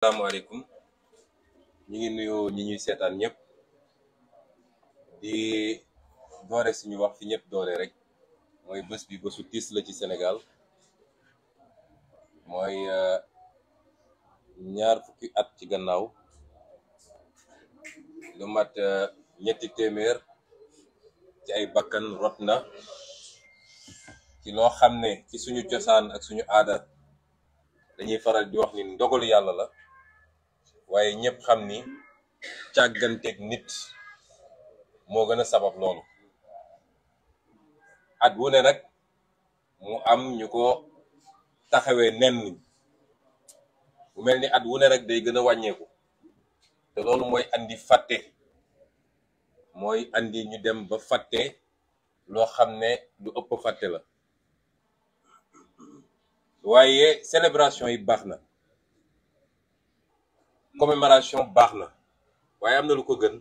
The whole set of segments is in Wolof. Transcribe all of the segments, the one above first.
Assalamualaikum. Ñi ngi nuyu ñi ñuy sétane ñep. di doore suñu wax fi ñep doore rek Moy bëss bi bëssu tiss la ci Sénégal Moy euh, ñaar fukki at ci gannaaw lu mat euh, ñetti témèr ci ay bakkan rotna ci lo xamné ci suñu ciosan ak suñu aada dañuy faral di wax ni ndogol yalla la waye ñepp xam ni ak nit mo gën a sabab loolu at wu ne nag mu am ñuko taxawé taxawee nen bu melni at wu ne nag day gëna wañéku té lolu moy andi faté moy andi ñu dem ba faté lo xamné du lu ëpp fàtte la waye célébration yi baxna commémoration baax na waaye am gën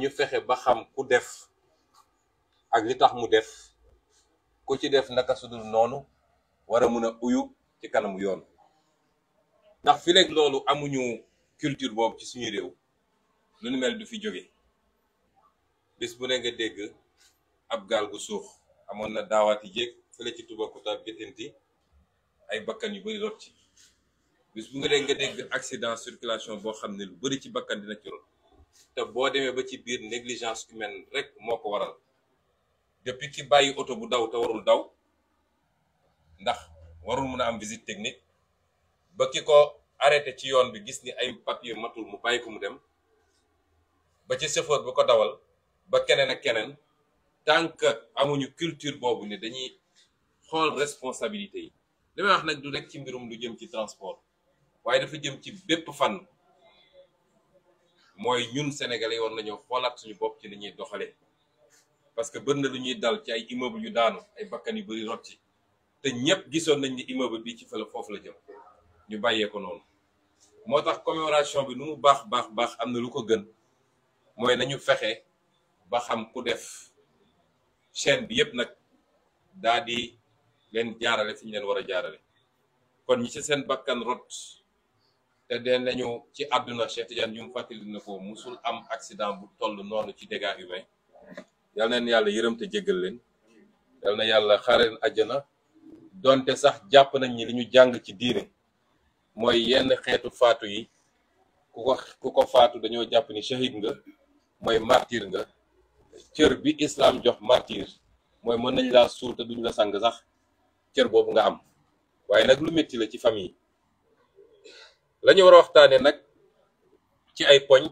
ñu fexé ba xam ku def ak li tax mu def ku ci def naka sudul nonu wara mëna uyu ci yoon fi lek lolu amuñu culture bob ci suñu rew lu nu mel du fi joggé bis bu ne nga dégg ab gu suux amoon na daawaati jéeg fële ci Toubacouta Bettenty ay bakkan yu bari rot bis bu nga dee accident circulation boo xam ne lu bëri ci bakkan dina ci rot te boo ba ci biir négligence humaine rek moo ko waral depuis ki bàyyi oto bu daw te warul daw ndax warul mun am visite technique ba ki ko arrêté ci yoon bi gis ni ay papier matul mu bàyyi ko mu dem ba ci chauffeur bi ko dawal ba keneen ak keneen tant que amuñu culture boobu ne dañuy xool responsabilité yi li may wax nag du rek ci mbirum lu jëm ci transport waaye dafa jëm ci bépp fànn mooy ñun sénégalais yi war nañoo xoolaat suñu bopp ci ni ñuy doxalee parce que bëri na lu ñuy dal ci ay immeuble yu daanu ay bakkan yu bëri rot ci te ñëpp gisoon nañ ni immeuble bi ci fële foofu la jëm ñu bàyyee ko noonu moo tax commémoration bi nu mu baax baax baax am na lu ko gën mooy nañu fexe ba xam ku def chaîne bi yëpp nag daa di leen jaarale fi ñu leen war a jaarale kon ñi ci seen bakkan rot te den nañu ci àdduna Cheikh Tidiane ñu fàttali na ko musul am accident bu toll noonu ci dégâts humains yal na yàlla yërëm te jéggal leen yal na yàlla xare leen donte sax jàpp nañ ni li ñu jàng ci diine mooy yenn xeetu faatu yi ku ko ku ko faatu dañoo jàpp ni shahid nga mooy martyr nga cër bi islam jox martyr mooy mën nañ laa suul te duñ la sang sax cër boobu nga am waaye nag lu métti la ci famille la ñu war a waxtaane nag ci ay poñ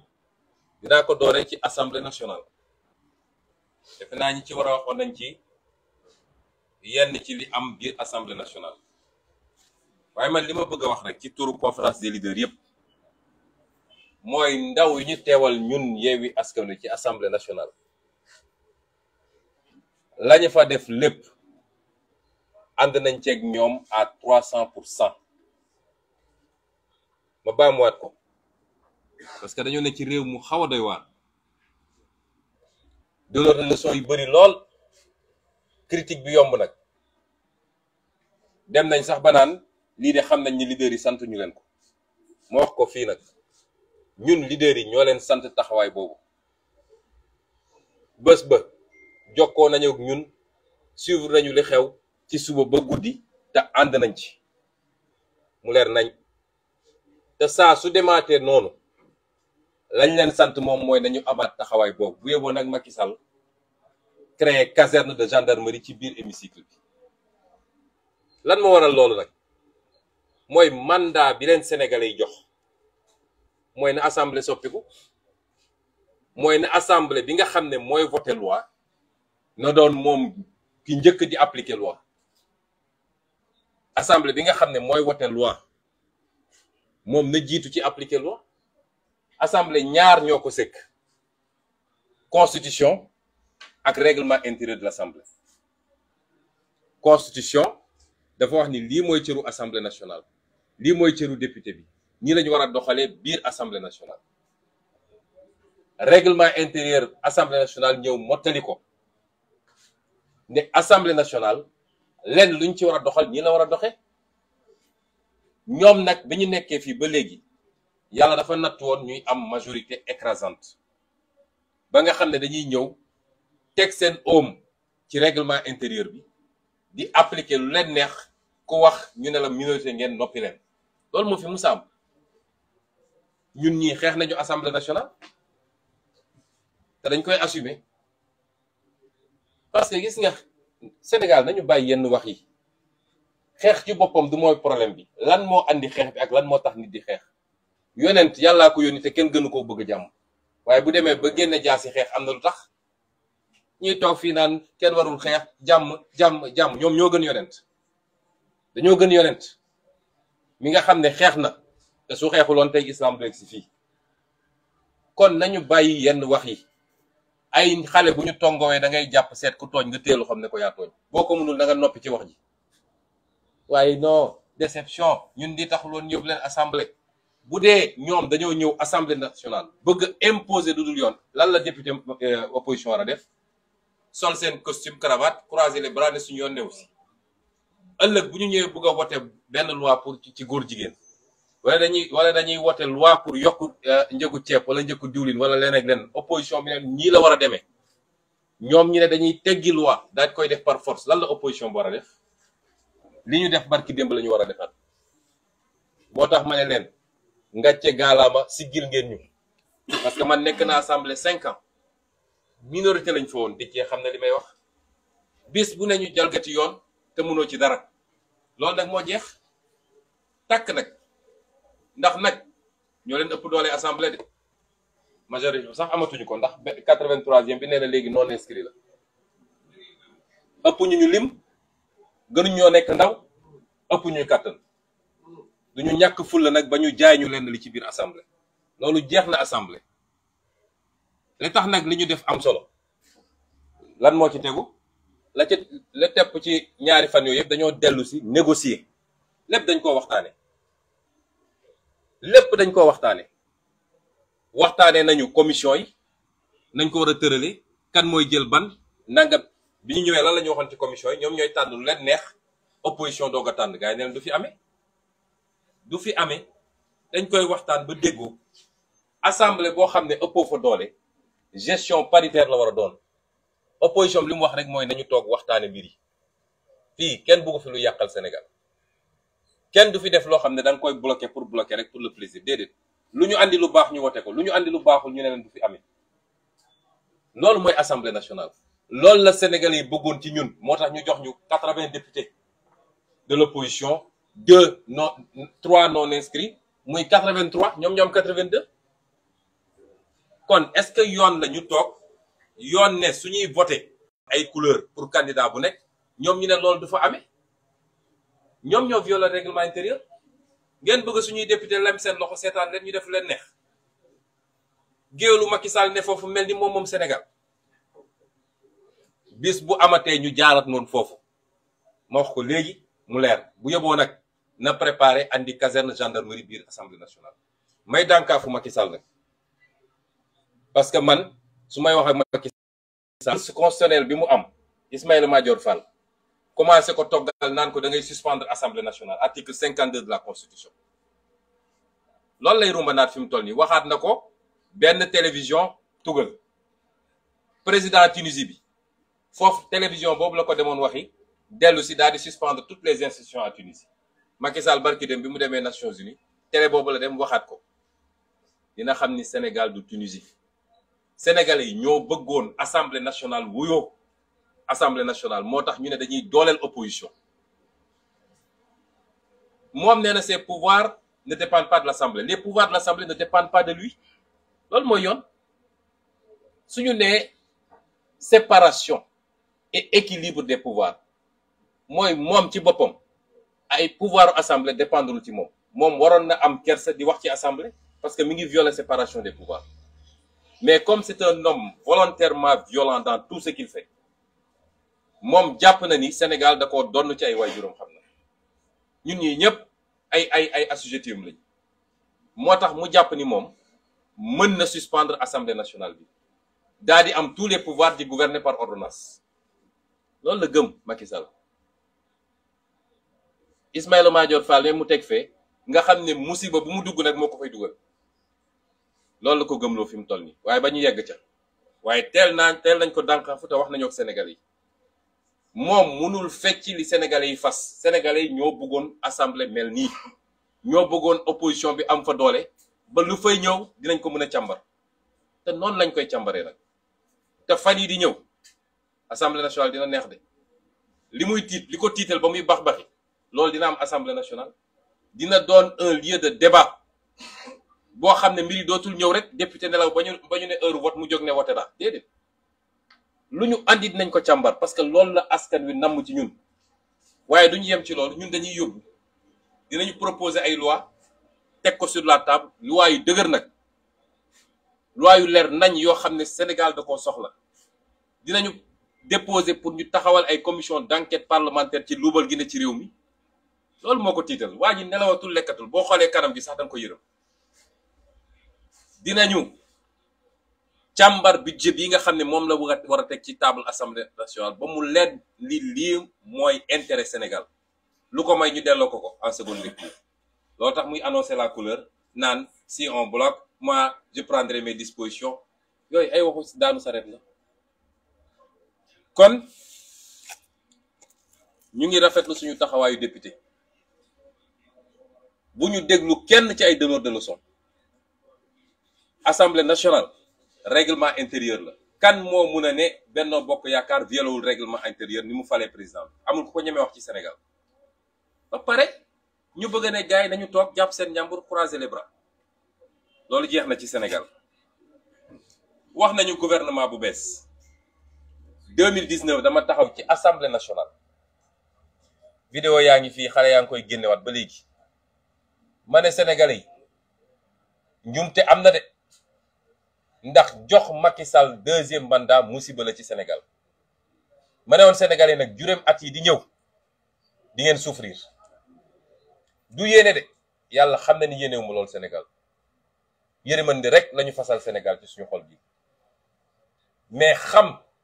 dinaa ko doore ci assemblée nationale defe naa ci war a waxoon nañ ci yenn ci li am biir assemblée nationale waaye man li ma bëgg a wax rek ci turu conférence des leaders yëpp mooy ndaw yi ñu teewal ñun yeewi askan wi ci assemblée nationale lañu fa def lépp ànd nañ ceeg ñoom à trois cent pour cent ma wat ko parce que dañu ne ci rew mu xawa a doy waar delloo na leçon yu bëri lol critique bi yomb nak dem nañ sax ba li de xam nañ ni leader yi sant ñu len ko mo wax ko fi nak ñun leader yi ñoo sante taxaway bobu boobu ba joko nañu ak ñun suivre nañu li xew ci suba ba guddii ta and nañ ci mu leer nañ te saa su demaatee noonu lañ leen sant moom mooy nañu amaat taxawaay boobu bu yeboon nag Macky Sall créer caserne de gendarmerie ci biir hémicycle bi lan moo waral loolu nag mooy mandat bi leen sénégalais yi jox mooy na assemblée soppiku mooy na assemblée bi nga xam ne mooy voter loi na doon moom ki njëkk di appliquer loi assemblée bi nga xam ne mooy voter loi mom na tout ci appliqué loi assemblée ñaar ñoo ko constitution ak règlement intérieur de l'assemblée constitution dafa wax ni li mooy cëru assemblée nationale Li mooy cëru député bi ni la wara doxale bir assemblée nationale règlement intérieur assemblée nationale ñëw motaliko ne assemblée nationale lenn luñ ci wara doxal la wara doxé ñoom nag ba ñu nekkee fii ba léegi yàlla dafa natt woon ñuy am majorité écrasante ba nga xam ne dañuy ñëw teg seen oom ci réglement intérieur bi di appliquer lu leen neex ku wax ñu ne la minorité ngeen noppi leen loolu moo fi musa ñun ñii xeex nañu assemblée nationale te dañ koy assumer parce que gis nga Sénégal nañu bàyyi yenn wax yi. xeex ci boppam du moy problème bi lan mo andi xeex bi ak lan mo tax nit di xeex yonent yalla ko yoni te kenn gënu ko bëgg jàmm waye bu démé ba génné jaasi xeex amna na lu tax ñuy toog naan kenn warul xeex jàmm jàmm jàmm ñom ño gën yonent dañu gën yonent mi nga xamné ne xeex na te su xeexuloon tay islam do si fi kon nañu bayyi yenn wax yi ay xalé bu ñu tongowee da ngay japp seet ku tooñ nga téelu xamné ko ya tooñ boko mënul da nga nopi ci wax ji waye non déception ñun di taxuloon yóbbu leen assemblée bu dee ñoom dañoo ñëw assemblée nationale bëgg imposer lu yoon lan la député euh, opposition war def sol sen costume cravate croiser les bras ne suñu yoon ne aussi ëllëg bu ñu ñëwee bëgg voté benn loi pour ci góor jigen wala dañuy wala dañuy wote loi pour yokku euh, njëgu ceeb wala njëgu diwlin wala leen ak leen opposition bi neen la wara démé ñom ñoom ñu ne dañuy teggi loi daaj koy def par force lan la opposition bi war def li ñu def barki démb la ñu war a defaat moo tax ma ne leen nga ngàcce gaalaama siggil ngeen ñu parce que man nekk naa assemblée cinq ans minorité lañ fa di cee xam ne li may wax bis bu ne ñu jalgati yoon te mënoo ci dara loolu nag moo jeex takk nag ndax nag ñoo leen ëpp doole assemblée de majorité sax amatuñ ko ndax quatre vingt bi nee na léegi non inscrit la ëpp ñu ñu lim. gënuñoo nekk ndaw ëpp ñuy kàttan duñu ñàkk fulla nag ba ñu jaay ñu lenn li ci biir assemblée loolu jeex na assemblée li tax nag li ñu def am solo lan moo ci tegu la ca la tepp ci ñaari fan yooyu yëpp dañoo dellu si négocier lépp dañ koo waxtaane lépp dañ koo waxtaane waxtaane nañu commission yi nañ ko war a tërale kan mooy jël ban nangam bi ñu ñëwee lan la ñu waxoon ci commission yi ñoom ñooy tànn lu leen neex opposition doog a tànn gars yi neen du fi amee du fi amee dañ koy waxtaan ba déggoo assemblée boo xam ne ëppoo fa doole gestion paritaire la war a doon opposition bi li mu wax rek mooy nañu toog waxtaane mbir yi fii kenn bëggu fi lu yàqal Sénégal kenn du fi def loo xam ne da nga koy bloqué pour bloquer rek pour le plaisir déedéet lu ñu andi lu baax ñu wote ko lu ñu andi lu baaxul ñu ne leen du fi amee loolu mooy assemblée nationale lol la Sénégalais ci ñun députés de l'opposition deux non trois non inscrits muy 83 ñom ñom est-ce que yoon la ñu tok yoon ne suñuy voter ay couleurs pour candidat bu nekk ñom ñu lol du fa ñoo violé règlement intérieur ngeen suñuy député loxo ñu def neex Sénégal bis bu que ñu jaarat non fofu ma wax ko mu leer bu yeboo nag na préparer andi caserne gendarmerie biir assemblée nationale may fu parce que man su may wax ak Macky Sall constitutionnel bi mu am Ismaïla Madior Fall commencé ko toggal naan ko da ngay suspendre assemblée nationale article 52 de la constitution loolu lay rumbanaat fi mu toll nii waxaat na télévision tugal président Tunisie fof télévision bobu la ko demoon waxi dellu ci suspendre toutes les institutions à Tunisie Macky Sall barki dem bi mu Nations Unies télé bobu la dem waxat ko dina xamni Sénégal du Tunisie Sénégalais ñoo bëggoon assemblée nationale wuyoo assemblée nationale motax ñu né dañuy dolel opposition mom néna ses pouvoirs ne dépendent pas de l'assemblée les pouvoirs de l'assemblée ne dépendent pas de lui lool moy yoon suñu né séparation et équilibre des pouvoirs moi moom ci bopom, ay pouvoir assemblée dépendrul ci moom moom waroon na am kersa di wax ci assemblée parce que mingi viole violer séparation des pouvoirs mais comme c'est un homme volontairement violent dans tout ce qu'il fait moom jàpp na ni Sénégal da donne donn ci ay wajurum xamna. ñun ñi ñep ay ay ay assujettis lañ Motax mu jàpp ni moom na suspendre assemblée nationale bi Dadi am tous les pouvoirs de gouverner par ordonnance loolu la gëm makisal Macky Sall Ismaïla Madior Fall mu teg fee nga xam ne musiba bu mu dugg nag moo ko koy dugal loolu la ko gëmloo fi mu toll nii waaye ba ñu yegg ca waaye teel naa teel nañ ko dànqaafu te wax nañoo ak Sénégalais yi moom munul fecci li Sénégalais yi fas Sénégalais yi ñoo bëggoon assemblée mel nii ñoo bëggoon opposition bi am fa doole ba lu fay ñëw dinañ ko mën a càmbar te noonu lañ koy càmbaree nag te fan yi di ñëw. assemblée nationale dina neex de li muy tit liko titel tiital ba muy bax baxi dina am assemblée nationale dina don un lieu de débat bo xamné mbiri dotul ñew rek député nelaw ba bañu ba ñu ne heure vote mu jog né voté da déedéet luñu andit nañ ko càmbar parce que loolu la askan wi nam ci ñun waye duñu yem ci loolu ñun dañuy yobbu dinañu proposer ay loi tek ko sur la table loi yu dëgër nak loi yu lèr nañ yo xamné Sénégal da koo soxla dinañu déposé pour ñu taxawal ay commission d'enquête parlementaire ci loubal guiné ne ci réew mi loolu moo ko tiital nelawatul lekatul bo xolé kanam bi sax danga ko yërëm dinañu càmbar budget bi nga xamné mom la wara a ci table assemblée nationale ba mu led li li moy intérêt Sénégal lu ko may ñu délo ko ko en seconde lecture loolu tax muy annoncer la couleur nan si on bloque moi je prendrai mes dispositions yoy ay waxu daanu saret la kon ñu ngi rafetlu suñu taxawaayu député bu ñu déglu kenn ci ay donneurs de leçon assemblée nationale règlement intérieur la kan moo mun a ne Benno Bokk Yaakaar violewul règlement intérieur ni mu falee président amul ku ko ñemee wax ci Sénégal ba pare ñu bëgg ne gars yi nañu toog jàpp seen njàmbur croiser les loolu jeex na ci Sénégal wax nañu gouvernement bu bees 2019 dama taxaw ci assemblée nationale vidéo yaa ngi ba légui sénégalais ñumté sommes dé ndax jox Macky deuxième mandat musiba la ci Sénégal mané won sénégalais nak at di ñew di ngén souffrir du yéné dé yalla xamné ni Sénégal rek lañu Sénégal ci suñu xol bi mais xam.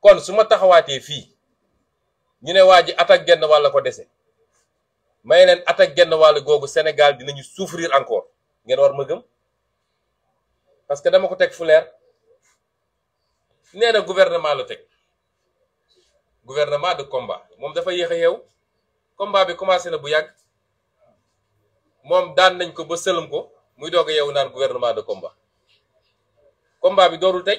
kon su ma taxawaatee fii ñu ne waa ji at genn wàll ko dese may leen at genn wàll googu Sénégal dinañu souffrir encore ngeen war ma gëm parce que dama ko teg fu leer nee na gouvernement la teg gouvernement de combat moom dafa yéex a yeew combat bi commencé na bu yàgg moom daan nañ ko ba sëlëm ko muy doog a yeewu naan gouvernement de combat combat bi doorul tey.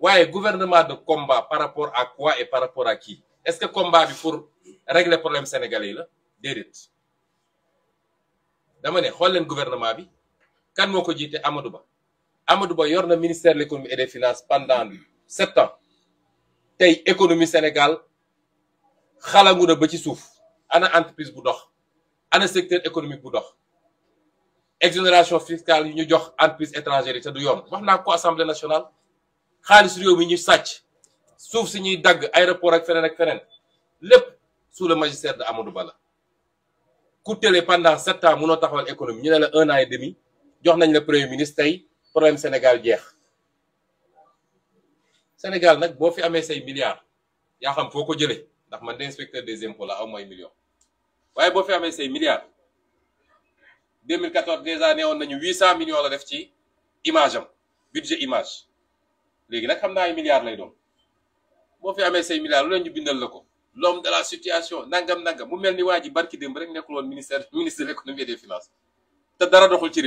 Ouais, gouvernement de combat par rapport à quoi et par rapport à qui est-ce que combat pour régler problème sénégalais là la déedéet dama le gouvernement bi kan moo ko jiite Amadou Ba Amadou Ba a ministère de l'économie et des finances pendant sept ans tey économie Sénégal petits souffles. ba ci a ana entreprise bu dox ana secteur économique bu dox exonération fiscale yu ñu jox entreprise étrangère yi te du yoon wax assemblée nationale xaalis réew mi ñu sàcc suuf si ñuy dagg aéroport ak feneen ak feneen lépp sous le magistère de Amadou Bala. la ku télé pendant sept ans mënoo taxawal économie ñu ne la un an et demi jox nañ la premier ministre tey problème Sénégal jeex Sénégal nag boo fi amee say milliards yaa xam foo ko jëlee ndax man de inspecteur des impôts la aw may million waaye boo fi amee say milliards 2014 déjà neewoon nañu 800 millions la def ci image am budget image léegi nag xam ay milliards lay doon boo fi amee say milliards lu ñu bindal l'homme de la situation nangam nangam mu mel ministre de l'économie et des finances te dara doxul ci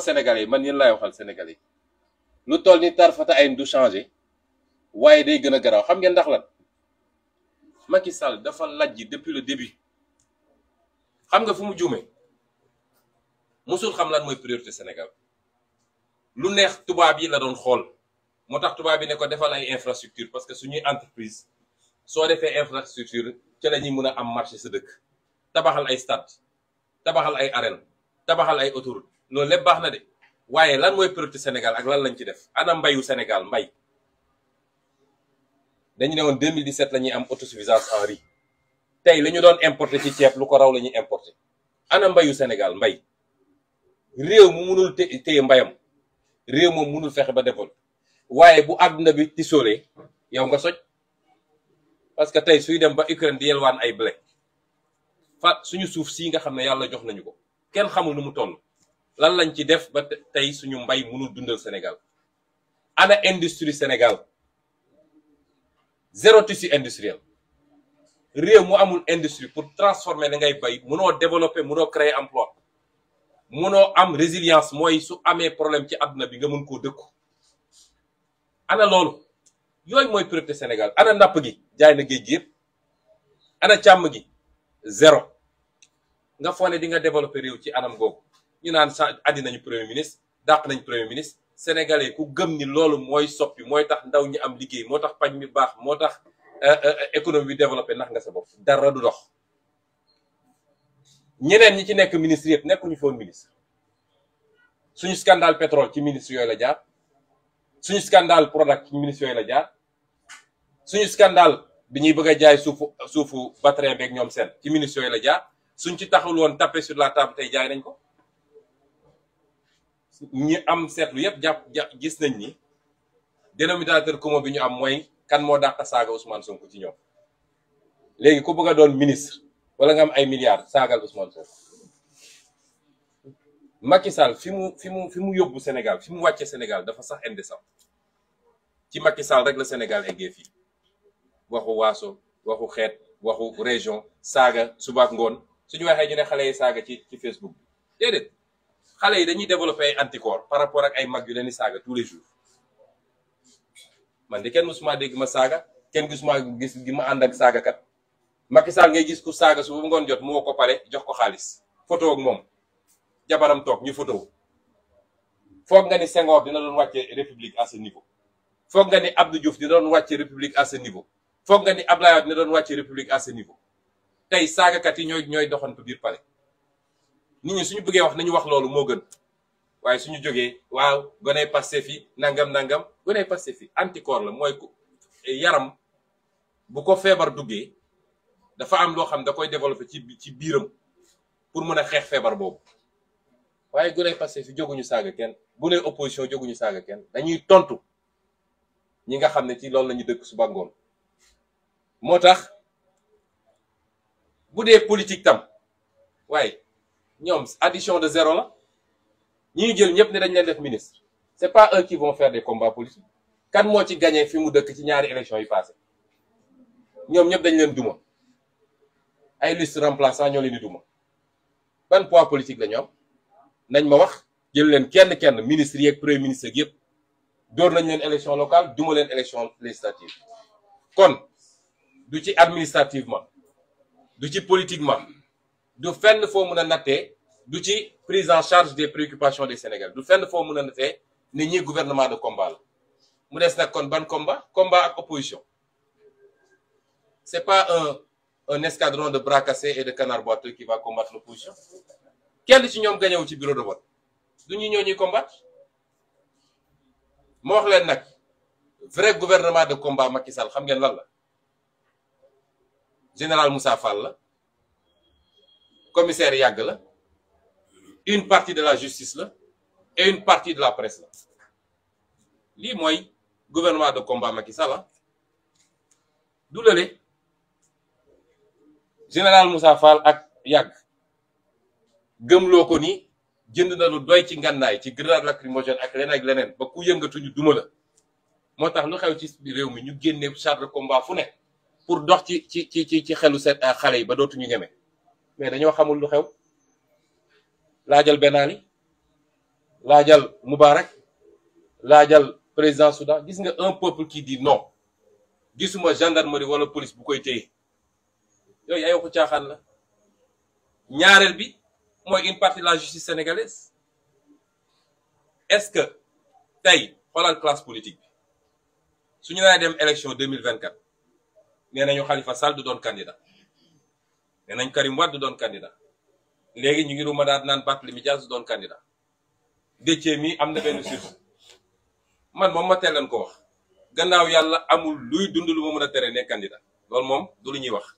sénégalais man sénégalais lu ni tarfata ay changé depuis le début xam nga fu mu musul xam lan priorité Sénégal lu neex tubaab yi la doon xool moo tax tubaab yi ne ko defal ay infrastructure parce que suñuy entreprise soo defee infrastructure ci la ñuy mën a am marché sa dëkk tabaxal ay stade tabaxal ay arène tabaxal ay autoroute loolu lépp baax na de waaye lan mooy priorité Sénégal ak lan lañ ci def ana mbayu Sénégal mbay dañu ne woon 2017 la ñuy am autosuffisance en riz tey la ñu doon importer ci ceeb lu ko raw la ñuy importé ana mbayu Sénégal mbay réew mu mënul téye mbayam réew mom mënul fexé ba défol wayé bu aduna bi tisoolee yow nga soj parce que tay suy dem ba Ukraine di yelwaan ay blé fa suñu souf si nga xamné yalla jox nañu ko kenn xamul nu mu toll lan lañ ci def ba tay suñu mbay mënul dundal Sénégal ana industrie Sénégal zéro tissu industriel réew mu amul industrie pour transformer li ngay bay mëno développer mëno créer emploi munoo am résilience mooy su amee problème ci àdduna bi nga mun koo dëkku ana loolu yooyu mooy priorité Sénégal ana napp gi jaay na géej gi ana càmm gi zéro nga foog ne di nga développé réew ci anam googu ñu naan sa addi nañu premier ministre dàq nañu premier ministre sénégalais ku gëm ni loolu mooy soppi mooy tax ndaw ñi am liggéey moo tax pañ mi baax moo tax euh, euh, économie bi développé nax nga sa bopp dara du dox. ñeneen ñi ci nekk ministre yëpp nekkuñu foon ministre suñu scandale pétrole ci ministre yooyu la jaar suñu scandale Prodac ci ministre yooyu la suñu scandale bi ñuy bëgg a jaay suufu suufu Batrin beeg ñoom seen ci ministre yooyu la jaar suñ ci taxul woon tapé sur la table tey jaay nañ ko ñi am seetlu yëpp jàpp gis nañ ni dénominateur commun bi ñu am mooy kan moo dàq saaga Ousmane Sonko ci ñoom léegi ku bëgg a doon ministre. wala nga am ay milliards saagal Ousmane Sonko Macky fi mu fi mu fi mu yóbbu Sénégal fi mu wàcce Sénégal dafa sax indécent ci makki Sall rek la Sénégal eggee fi waxu waaso waxu xeet waxu région saaga subaak ngoon suñu waxee ñu xale yi saaga ci ci Facebook bi déedéet xale yi dañuy développé ay anticorps par rapport ak ay mag yu leen di saaga tous les jours man de kenn musuma dégg ma saaga kenn gisuma gis gi ma ànd ak saagakat Macky Sall ngay gis ku saaga su ba ngoon jot mu woo ko pare jox ko xaalis photo ak moom jabaram toog ñu photo foog nga ni Senghor dina doon wàcce république à ce niveau foog nga ni Abdou Diouf dina doon wàcce république à ce niveau foog nga ni Abdoulaye Wade dina doon wàcce république à ce niveau tey saagakat yi ñooy ñooy doxantu biir pare nit ñi suñu bëggee wax nañu wax loolu moo gën waaye suñu jógee waaw goney Pastef yi nangam nangam goney Pastef yi anticorps la mooy yaram bu ko feebar duggee dafa am loo xam da koy développer ci pour faire des choses. Si vous avez passé opposition jóguñu saaga kenn dañuy tontu ñi nga xam ce ci loolu lañu fait politique tam fait addition de zéro la ñi des jël Ce ne ministre c'est pas eux qui vont faire des combats politiques kan fait ci gagné fi mu ay liste remplaçant ñoo leen di duma ban poids politique la ñu nañ ma wax jël leen kenn kenn ministre yeeg premier ministre yëpp door nañ leen élection locale duma leen élection législative kon du ci administrativement du ci politiquement du fenn fo mëna a du ci prise en charge des préoccupations des Sénégalais du fenn fo mëna a nattee ñi gouvernement de combat la mu dess nak kon ban combat combat ak opposition c'est pas un un escadron de bras cassés et de canards boiteux qui va combattre l'opposition kenn ci ñoom gagné au bureau de vote Nous ñu pas combattre moo wax vrai gouvernement de combat Macky Sall xam ngeen général Moussa Fall commissaire Yag. une partie de la justice la et une partie de la presse la lii gouvernement de combat Macky Sall ah. du général Moussa Fall ak yàgg gëmloo ko ni jënd na lu doy ci ngànnaay ci grenade lacrymogène ak leneen ak leneen ba ku yëngatuñu duma la moo tax lu xew ci réew mi ñu génne char de combat fu ne pour dox ci ci ci ci xelu seet xale yi ba dootuñu ñeme mais dañoo xamul lu xew laajal Ben Ali laajal Moubarak laajal président Soudan gis nga un peuple qui dit non gisuma gendarmerie wala police bu koy téye. yooyu ay waxu caaxaan la ñaareel bi mooy une partie de la justice sénégalaise est-ce que tey xoolal classe politique bi suñu naa dem élection 2024 nee nañu Khalifa Sall du doon candidat nee nañ Karim Wade du doon candidat léegi ñu ngi ruma daal naan Barthélémy Dias du doon candidat Déthié mi am na benn sursis man moom ma teel leen ko wax gannaaw yàlla amul luy dund lu mën a tere ne candidat loolu moom du lu ñuy wax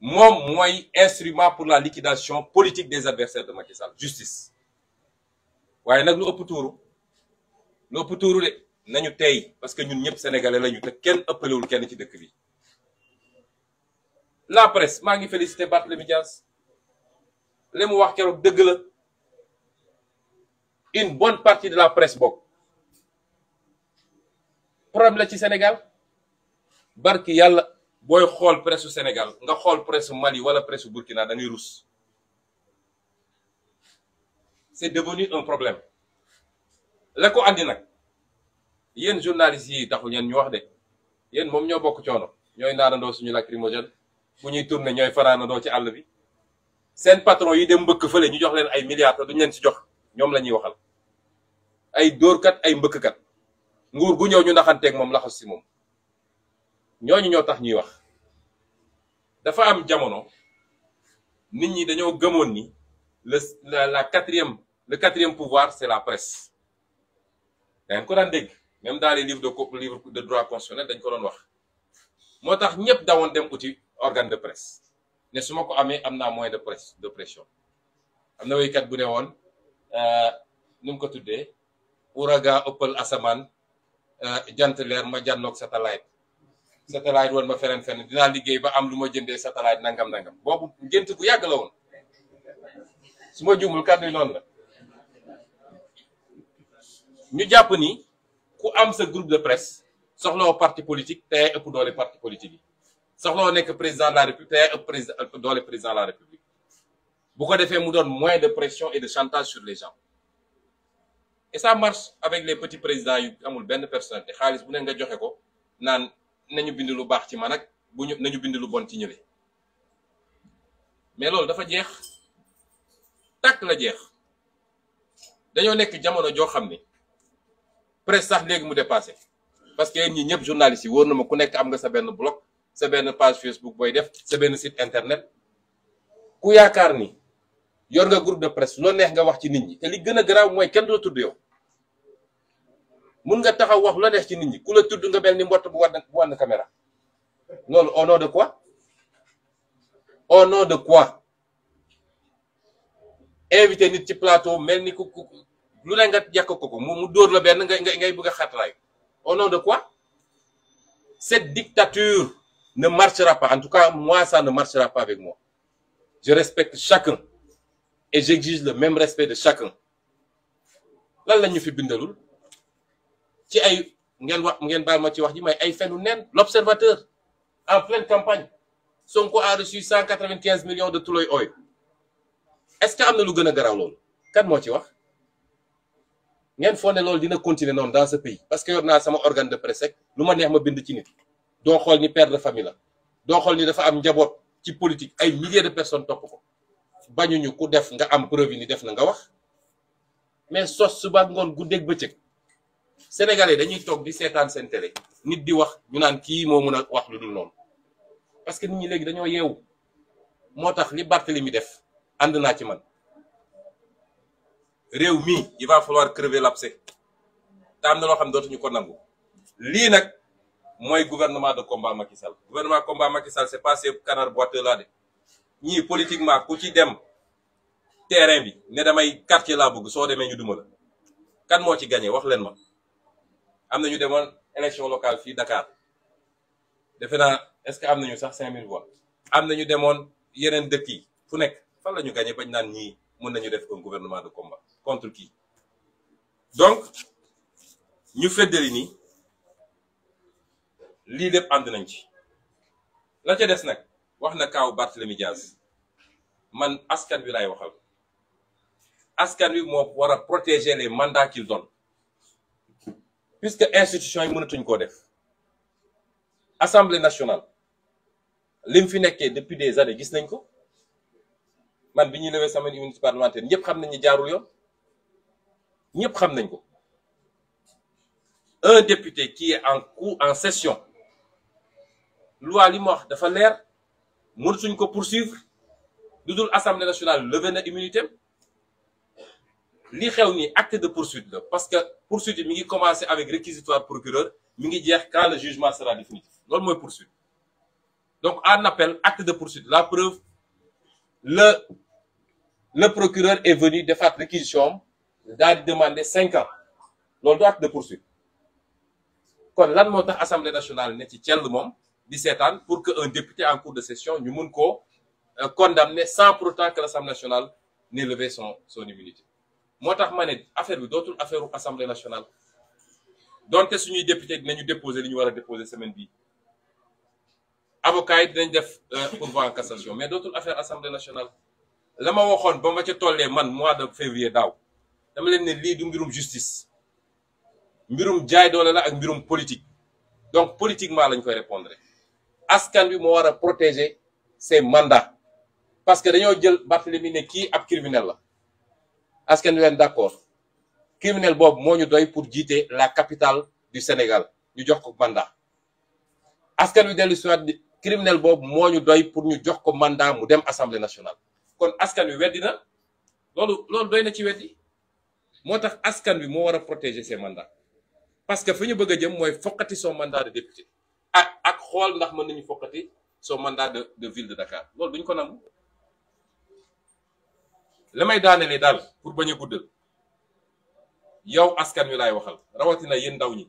Moi, moi, instrument pour la liquidation politique des adversaires de Macky Sall justice nous Nous parce que ñun ñëpp sénégalais lañu te kenn ëppalewul la presse une bonne partie de la presse bon. problème la Sénégal barki boy xol presse su Sénégal nga xol presse Mali wala presse Burkina da ngay rus c'est devenu un problème la ko andi nag yéen journalistes yi taxul ñen ñu wax de yéen mom ñoo bokk coono ñoy naanandoo suñu lacrymogène bu ñuy tourné ñooy fanaanandoo ci àll bi seen patron yi dem mbeuk fele ñu jox len ay milliards duñ len ci jox ñom lañuy waxal ay dor kat ay mbeuk kat nguur gu ñew ñu naxante naxanteeg moom laxas ci mom ñooñu ñoo tax ñuy wax. dafa am jamono nit ñi dañoo gëmoon ni le la la quatrième le quatrième pouvoir c'est la presse dañ ko daan dégg même dans les livres de livre de droit constitutionnel dañ ko doon wax moo tax ñëpp dawoon dem uti organe de presse ne su ma ko amee am naa moyen de presse de pression am na wéykat bu ne woon euh, nu mu ko tuddee ouragan ëppal asamaan euh, jant leer ma jànnoog satellite satellite one ma feneen feneen dina liggey ba am satellite nangam nangam des ngént gu yàgg la woon su la ñu ni ku am sa groupe de presse soxlo parti politique parti politique yi de la république de la de pression et de chantage sur les gens et ça marche avec les petits présidents amul benn personnalité nga ko nañu bind lu baax ci man ak bu ñu nañu bind lu bon ci ñële mais loolu dafa jeex tàkk la jeex dañoo nekk jamono joo xam ni presse sax léegi mu dépassé parce que yéen ñëpp journalistes yi wóor na ku nekk am nga sa benn blog sa benn page Facebook booy def sa benn site internet ku yaakaar ni yor nga groupe de presse loo neex nga wax ci nit ñi te li gën a garaaw mooy kenn du la tudd yow. mën nga taxaw wax la neex ci nit ñi ku la tudd nga mel ni mbott bu wan bu wan caméra loolu au nom de quoi au nom de quoi invité nit ci plateau mel ni ku ku lu ne nga yàq ko ko mu dóor la benn nga ngay bëgg a xatraay au nom de quoi cette dictature ne marchera pas en tout cas moi ça ne marchera pas avec moi je respecte chacun et j'exige le même respect de chacun lan lañu fi bindalul ci ay ngeen wax ngeen baal ma ci wax ji may ay fenu nen l'observateur en pleine campagne Sonko a reçu 195 millions de tuloy ooy est-ce que amna lu gëna a lool loolu kan moo ci wax ngeen foo lool dina continuer non dans ce pays parce que yorna sama organe de presse luma neex ma bind ci nit do xol ni père de famille la do xol ni dafa am njaboot ci politique ay milliers de personnes top ko ñu ku def nga am preuve ni def na nga wax mais sos suba ngoon ak bëccëg sénégalais dañuy tok di sétane sen télé nit di wax ñu naan ki mo mëna wax lu dul non parce que nit ñi légui dañu yew motax tax li Barthélemy def and na ci man rew mi il va falloir crever l'abcès te am na lo xam ñu ko nangu li nak moy gouvernement de combat Macky Sall gouvernement combat Macky Sall c'est pas ces canards boiteux là de politiquement ku ci dem terrain bi né damay quartier la bëgg so démé ñu duma la kan mo ci gagner wax len ma Nous avons ñu élection locale Dakar est-ce que a 5000 voix Nous ñu yeneen dëkk yi fu nous la gagner, un gouvernement de combat contre qui donc nous faisons ni lii lépp la chose, wax na le man askan wi askan wi protéger les mandats qu'ils ont puisque institution yi mënatuñ koo def assemblée nationale lim fi nekkee depuis des années gis nañ ko man bi ñuy lewee sama immunité parlementaire ñëpp xam nañ ni jaarul yoon ñëpp xam nañ ko un député qui est en cours en session loi li mu wax dafa leer mënatuñ ko poursuivre nous dul assemblée nationale levé na immunité ni xew acte de poursuite parce que poursuite il commencer commencé avec réquisitoire procureur mi dit quand le jugement sera définitif C'est la poursuite donc en appel acte de poursuite la preuve le le procureur est venu de faire réquisition d'aller demander 5 ans Donc, acte de poursuite Quand lan assemblée nationale nest ci tellement 17 di pour que un député en cours de session ñu mun euh, condamné sans pourtant que l'assemblée nationale n'ait levé son son immunité motax mané affaire bi dotul affaire au assemblée nationale donte suñu député dinañu déposer liñu wara déposer semaine bi avocat yi dinañ def pourvoi en cassation mais dotul affaire assemblée nationale lama waxone bama ci tollé man mois de février daw dama leen ne lii du mbirum justice mbirum jaay doole la ak mbirum politique donc politiquement lañ koy répondre askan bi mo wara protéger ses mandats parce que dañoo jël Barthélemy né ki ab criminel la askan wi leen d' accord criminel boobu moo ñu doy pour jiite la capitale du Sénégal ñu jox ko mandat askan wi dellu siwaat criminel boobu moo ñu doy pour ñu jox ko mandat mu dem assemblée nationale kon askan wi weddi na loolu loolu doy na ci weddi moo tax askan wi moo war a protéger ses mandats parce que fi ñu bëgg a jëm mooy foqati son mandat de député ak ak xool ndax mën nañu foqati son mandat de de ville de Dakar loolu duñ ko nangu li may daane daanelee daal pour bañ a guddal yow askan wi laay waxal rawatina yéen ndaw ñi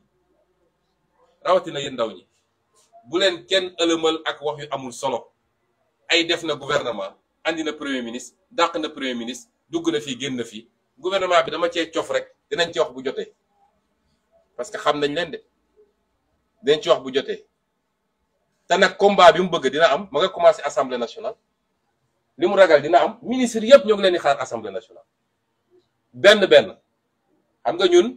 rawatina yéen ndaw ñi bu leen kenn ëlëmal ak wax yu amul solo ay def na gouvernement andi na premier ministre dàq na premier ministre dugg na fii génn na fii gouvernement bi dama cee cof rek danañ ci wax bu jotee parce que xam nañ leen de dañ ci wax bu jotee te nag combat bi mu bëgg dina am ma nga commencé assemblée nationale. limu ragal dina am ministre yëpp ñoo ngi leen di xaar assemblée nationale ben ben xam nga ñun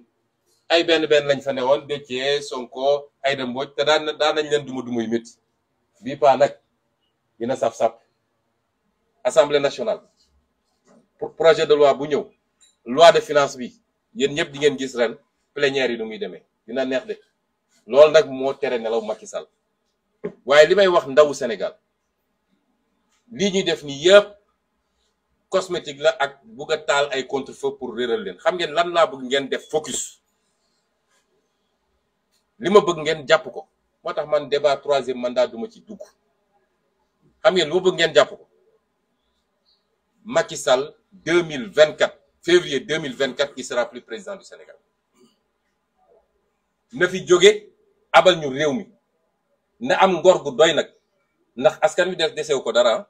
ay ben ben lañ fa newoon Déthié Sonko dem boj te daan daan nañ leen duma duma yu mit bi pa nak dina saf-saf assemblée nationale pour projet de loi bu ñew loi de finance bi yeen ñep di ngeen gis ren plénière yi nu muy démé dina neex de lool nak mo téré nelaw Macky Sall waye limay wax ndawu Sénégal lii ñuy def ni yépp cosmétique la ak taal ay contre-feu pour réeral leen xam ngeen lan laa bëgg ngeen def focus li ma bëgg ngeen jàpp ko moo tax man débat troisième mandat ma ci dugg xam ngeen li ma bëgg ngeen jàpp ko Macky Sall 2024 février 2024 il sera plus président du Sénégal na fi jóge abal ñu réew mi na am ngor gu doy nag ndax askan wi def desew ko dara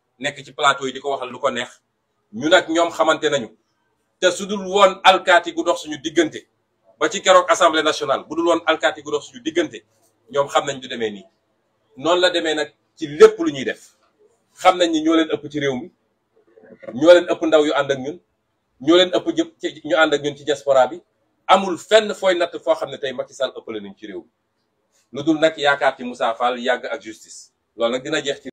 nekk ci plateau yi di ko waxal lu ko neex ñu nag ñoom xamante nañu te su dul woon alkaati gu dox suñu diggante ba ci keroog assemblée nationale bu dul woon alkaati gu dox suñu diggante ñoom xam nañ du demee nii noonu la demee nag ci lépp lu ñuy def xam nañ ni ñoo leen ëpp ci réew mi ñoo leen ëpp ndaw yu ànd ak ñun ñoo leen ëpp jëpp ci ñu ànd ak ñun ci diaspora bi amul fenn fooy natt foo xam ne tey Macky Sall ëppale nañ ci réew mi lu dul nag yaakaar ci Moussa yàgg ak